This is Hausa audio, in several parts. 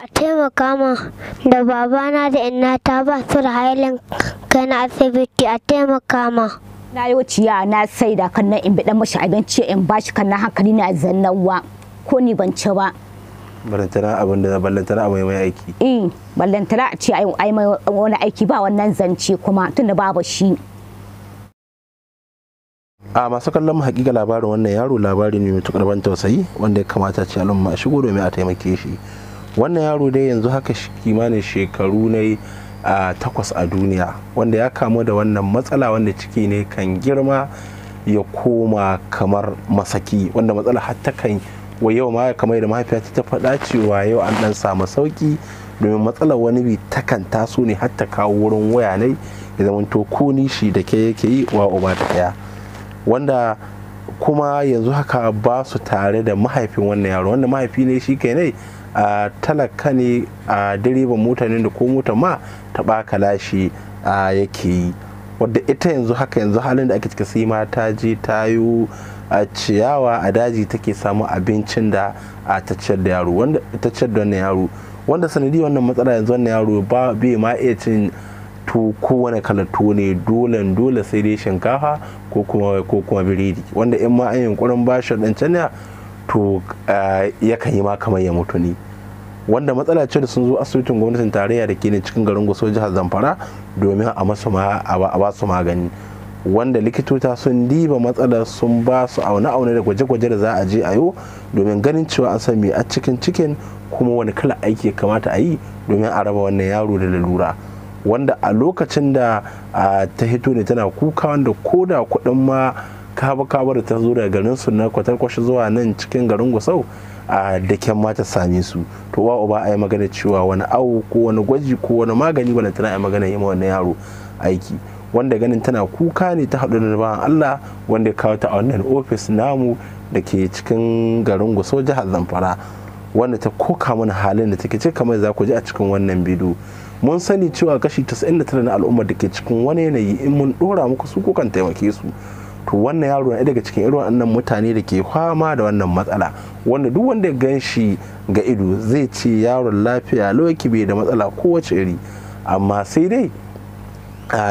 a taimaka ma, da babana da innata ba su da hailin kana asibiti a taimaka ma. na yi ya na sai da kan in bi dan mashi abinci in ba shi kan hankali na zannawa ko ni ban ci ba ballantana abin da ballantana abin mai aiki eh ballantana a ce ai mai wani aiki ba wannan zance kuma tunda babu shi a masu kallon mu hakika labarin wannan yaro labari ne mai tukar ban tausayi wanda ya kamata ce al'umma shigo domin a taimake shi wannan yaro dai yanzu haka kimanin shekaru na a takwas a duniya wanda ya kamu da wannan matsala wanda ciki ne kan girma ya koma kamar masaki wanda matsala hatta kan wa yau ma kamar da mahaifiya ta faɗa cewa yau an ɗan samu sauki domin matsalar wani bi takan taso ne hatta kawo wurin waya ne ya zama to ko nishi da ke yake yi wa uba da ɗaya wanda kuma yanzu haka ba su tare da mahaifin wannan yaro wanda mahaifi ne shi kai ne a talaka ne a direban mota ne da ko mota ma ta baka lashi a yake yi wadda ita yanzu haka yanzu halin da ake cika sai ma ta je tayo a ciyawa a daji take samu abincin da a tacciyar da yaro wanda tacciyar da yaro wanda sanadi wannan matsala yanzu wannan yaro ba bai ma iya cin to ko wani kalato ne dole dole sai dai shinkafa ko kuma ko kuma biredi wanda in ma an yunkurin bashi dan canya to eh, yakan yi ma kamar ya mutu ne wanda matsala ce da sun zo asibitin gwamnatin tarayya da ke ne cikin garin gwaso jihar zamfara domin a masu ba su magani wanda likitota sun diba matsalar sun ba su auna aune da gwaje-gwaje da za a je a yau domin ganin cewa an san me a cikin cikin kuma wani kala aiki ya kamata a yi domin a raba wannan yaro da lalura wanda a lokacin da ah, ta hito ne tana kuka wanda ko da kuɗin ma kaba kaba da ta zo daga garin su na kwatar kwashi zuwa nan cikin garin gusau a daken kyan ta same su to wa uba ai magana cewa wani awo ko wani gwaji ko wani magani bala tana ai magana yima wannan yaro aiki wanda ganin tana kuka ne ta haɗu da bayan Allah wanda ya kawo ta a wannan ofis namu da ke cikin garin gusau jihar Zamfara wanda ta koka mana halin da take ce kamar za ku ji a cikin wannan bidiyo mun sani cewa kashi 99 na al'ummar da ke cikin wani yanayi in mun dora muku su kukan taimake su to wannan yaro na daga cikin irin wannan mutane da ke fama da wannan matsala wanda duk wanda ya gan shi ga ido zai ce yaron lafiya lokaci bai da matsala kowace iri amma sai dai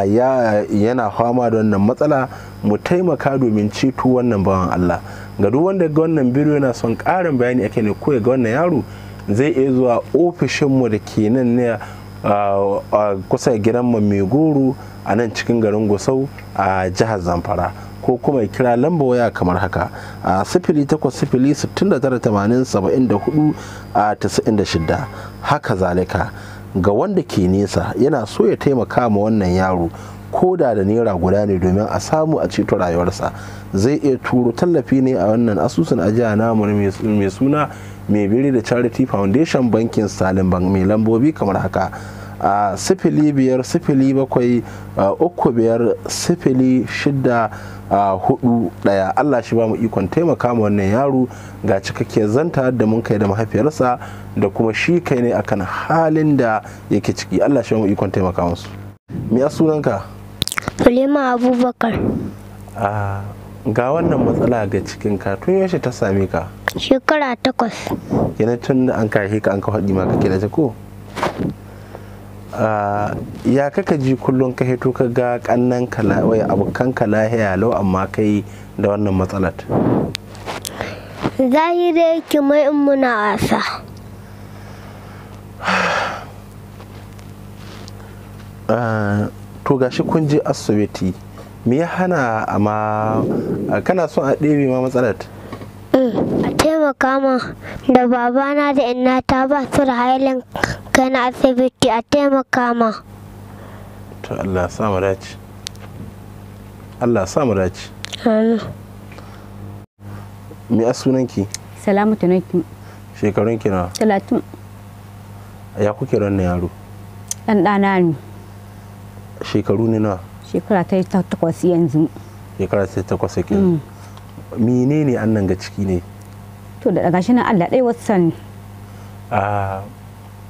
yana fama da wannan matsala mu taimaka domin ceto wannan bawan Allah ga duk wanda ga wannan bidiyo yana son karin bayani ake ne ko ga wannan yaro zai iya zuwa ofishin mu da ke nan ne kusa gidan mai goro a nan cikin garin gusau a jihar zamfara ko kuma ya kira lamba waya kamar haka a sifili takwas sifili sittin da tara tamanin saba'in da hudu a tasa'in da shida haka zalika ga wanda ke nesa yana so ya taimaka ma wannan yaro ko da da naira guda ne domin a samu a ceto rayuwarsa zai iya turo tallafi ne a wannan asusun ajiya namu mai suna mai biri da charity foundation bankin salim bank mai lambobi kamar haka a sifili biyar sifili bakwai uku biyar sifili shida hudu daya allah shi ba mu ikon taimaka ma wannan yaro ga cikakke zanta da mun kai da mahaifiyarsa da kuma shi kai ne akan halin da yake ciki allah shi ba mu ikon taimaka musu me sunanka Halima Abubakar. ga wannan matsala ga cikin ka tun yaushe ta same ka? Shekara takwas. Yana tun da an kahe ka an ka faɗi maka kina ko? Ah, ya kaka ji kullum ka hito ka ga kannan kalawai abokan kalahiya lau amma kai da wannan matsalar zahire ki mai in muna wasa ah, to gashi kun je asibiti me ya hana amma kana son a ɗebe ma matsalar mm. taimaka min da babana da innata ba su da halin kai na asibiti a taimaka ma. To Allah sa mu dace. Allah sa mu dace. Me a sunanki? Salamu naki. Shekarun ki nawa? Talatin. Ya kuke ran yaro? Ɗan ɗana ne. Shekaru ne nawa? Shekara ta takwas yanzu. Shekara ta takwas yake. Mm. Menene annan ga ciki ne? to da daga shi nan Allah ɗaya wasu sani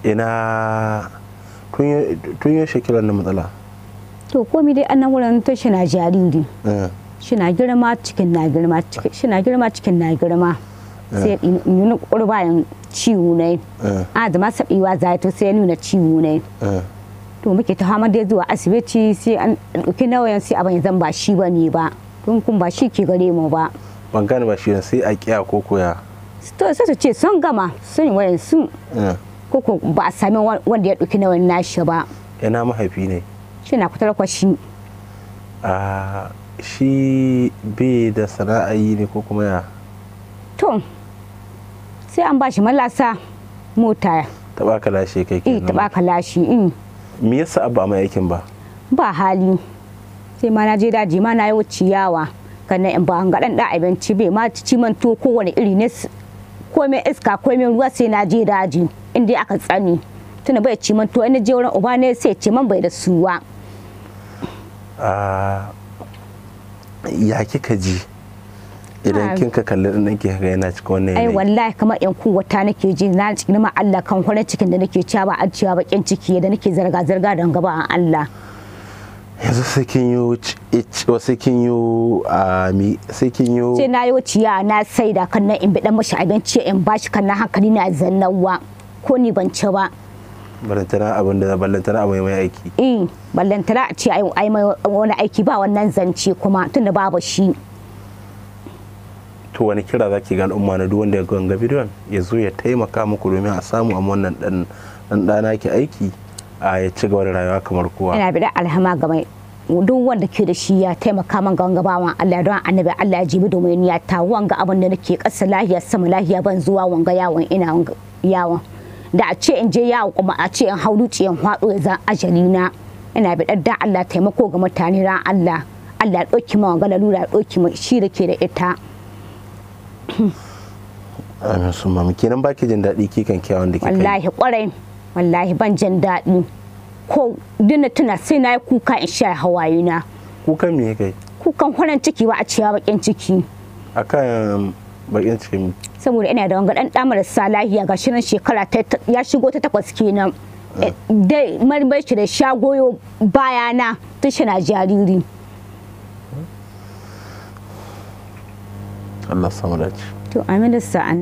ina tun yi shekilar na matsala to komi dai annan wurin ta shi na jariri eh. shi na girma cikin na girma shi na girma cikin na girma eh. sai nuna kurbayan ciwo ne eh. a ah, da masa biwa zai to sai nuna ciwo ne to muke ta hama dai zuwa asibiti sai an ɗauki nauyin sai abin zan ba shi ba ne ba tun kun ba shi ke gare mu ba ban gane ba shi sai a kiya ko koya to sai su ce sun gama sun yi wayan sun koko ba a sami wanda ya ɗauki nawan nashi ba ina mahaifi ne shi na kutar kwashi a shi bai da sana'a yi ne ko kuma ya to sai an ba shi malasa mota taba ka lashe kai eh, kenan taba ka lashe in mm. me yasa ba mai aikin ba ba hali sai ma na je daji ma na yi ciyawa kan in ba an ga dan da abinci bai ma ci man to kowane iri ne komai iska komai ruwa sai na je daji inda aka tsani tuna bai ci man to je wurin uba ne sai ce man bai da suwa ah, ya kika ji idan kin ka kalli din nake ga yana cikin wannan ai wallahi kamar yan wata nake ji na cikin ma Allah kan horar cikin da nake cewa ba a bakin ciki da nake zarga zarga dan gaba an Allah yanzu sai kin yi sai kin yi a mi sai kin yi ce na yi wuciya na sai da kan in bi dan mashi abinci in bashi kan na hankali na zannawa ko ni ban ci ba ballantana abin da ballantana abin mai aiki eh ballantana a ce ai mai wani aiki ba wannan zance kuma tunda babu shi to wani kira zaki ga al'umma na duk wanda ya ganga bidiyon ya zo ya taimaka muku domin a samu a wannan dan dan dana ki aiki ya ci gaba da rayuwa kamar kowa ina bi da alhama game duk wanda ke da shi ya taimaka man ga wanga bawan Allah don annabi Allah ya jibi domin ya ta wanga abin da nake kasa lahiya sama lahiya ban zuwa wanga yawon ina yawon da a ce in je yawo kuma a ce in hau in hwaɗo ya zan ajali na ina bi da Allah taimako ga mutane ran Allah Allah ya ɗauki ma wanga lalura ya ɗauki ma shi da ke da ita amin sun mamu kenan baki jin daɗi kikan kyawun da ke kai wallahi kwarai wallahi ban jin daɗi ko dina tuna sai na yi kuka in sha hawaye na kukan me kai kukan kwanan ciki ba a ciya bakin ciki akan bakin ciki saboda ina da wanga dan da marasa lahiya ga shirin shekara ya shigo ta takwas kenan ah. eh, dai marmar shi da shagoyo bayana tun shi na jariri Allah samu dace to amin da sa'an